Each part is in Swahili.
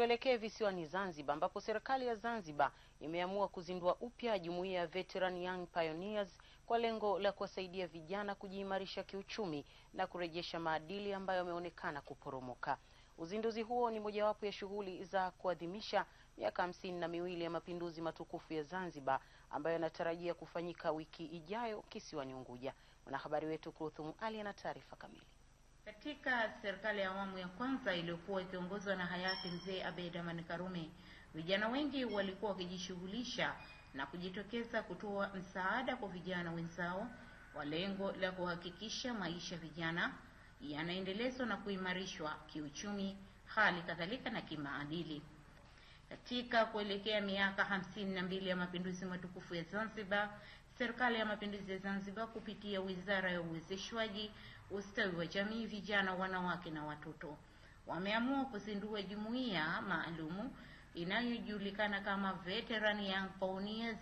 Tuelekee visiwani Zanzibar ambapo serikali ya Zanzibar imeamua kuzindua upya jumuiya ya Veteran Young Pioneers kwa lengo la kuwasaidia vijana kujiimarisha kiuchumi na kurejesha maadili ambayo yameonekana kuporomoka. Uzinduzi huo ni mojawapo ya shughuli za kuadhimisha miaka hamsini na miwili ya mapinduzi matukufu ya Zanzibar ambayo yanatarajia kufanyika wiki ijayo kisiwani Unguja. Mwanahabari wetu Kurthum Ali ana taarifa kamili. Katika serikali ya awamu ya kwanza iliyokuwa ikiongozwa na hayati mzee Abeid Amani Karume, vijana wengi walikuwa wakijishughulisha na kujitokeza kutoa msaada kwa vijana wenzao kwa lengo la kuhakikisha maisha vijana yanaendelezwa na kuimarishwa kiuchumi, hali kadhalika na kimaadili. Katika kuelekea miaka hamsini na mbili ya mapinduzi matukufu ya Zanzibar, Serikali ya Mapinduzi ya Zanzibar kupitia Wizara ya Uwezeshwaji, Ustawi wa Jamii, Vijana, Wanawake na Watoto wameamua kuzindua jumuiya maalumu inayojulikana kama Veteran Young Pioneers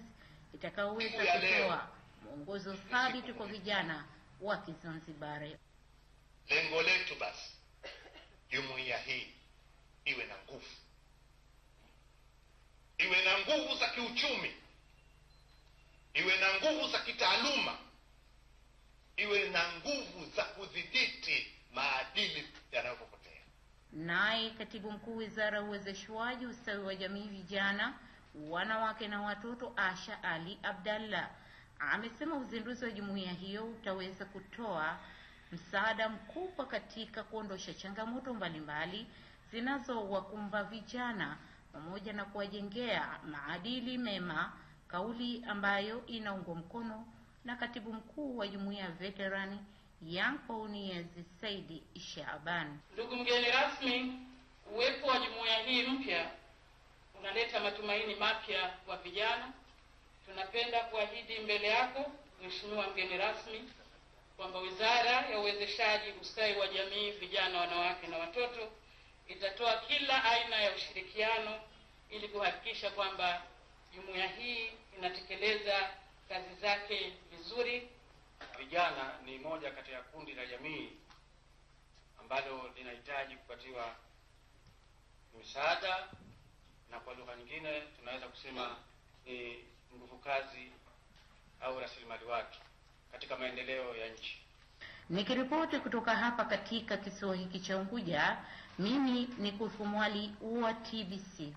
itakayoweza kutoa mwongozo thabiti kwa vijana wa Kizanzibari. Lengo letu basi, jumuiya hii iwe na nguvu, iwe na nguvu za kiuchumi iwe na nguvu za kitaaluma, iwe na nguvu za kudhibiti maadili yanayopotea. Naye katibu mkuu wizara ya uwezeshwaji, ustawi wa jamii, vijana, wanawake na watoto, Asha Ali Abdallah, amesema uzinduzi wa jumuiya hiyo utaweza kutoa msaada mkubwa katika kuondosha changamoto mbalimbali zinazowakumba vijana pamoja na kuwajengea maadili mema kauli ambayo inaungwa mkono na katibu mkuu wa jumuiya ya veterani Yankouniezi Saidi Shaaban. Ndugu mgeni rasmi, uwepo wa jumuiya hii mpya unaleta matumaini mapya kwa vijana. Tunapenda kuahidi mbele yako Mheshimiwa mgeni rasmi kwamba Wizara ya Uwezeshaji, Ustawi wa Jamii, Vijana, Wanawake na Watoto itatoa kila aina ya ushirikiano ili kuhakikisha kwamba jumuiya hii inatekeleza kazi zake vizuri. Vijana ni moja kati ya kundi la jamii ambalo linahitaji kupatiwa msaada, na kwa lugha nyingine tunaweza kusema ni nguvu kazi au rasilimali watu katika maendeleo ya nchi. Nikiripoti kutoka hapa katika kisiwa hiki cha Unguja, mimi ni Kufumwali wa TBC.